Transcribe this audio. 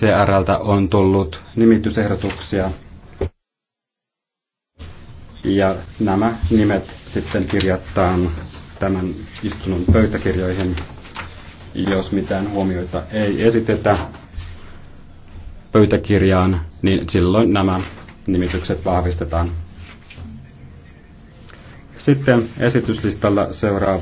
CRltä on tullut nimitysehdotuksia. Ja nämä nimet sitten kirjataan tämän istunnon pöytäkirjoihin, jos mitään huomioita ei esitetä pöytäkirjaan, niin silloin nämä nimitykset vahvistetaan. Sitten esityslistalla seuraava.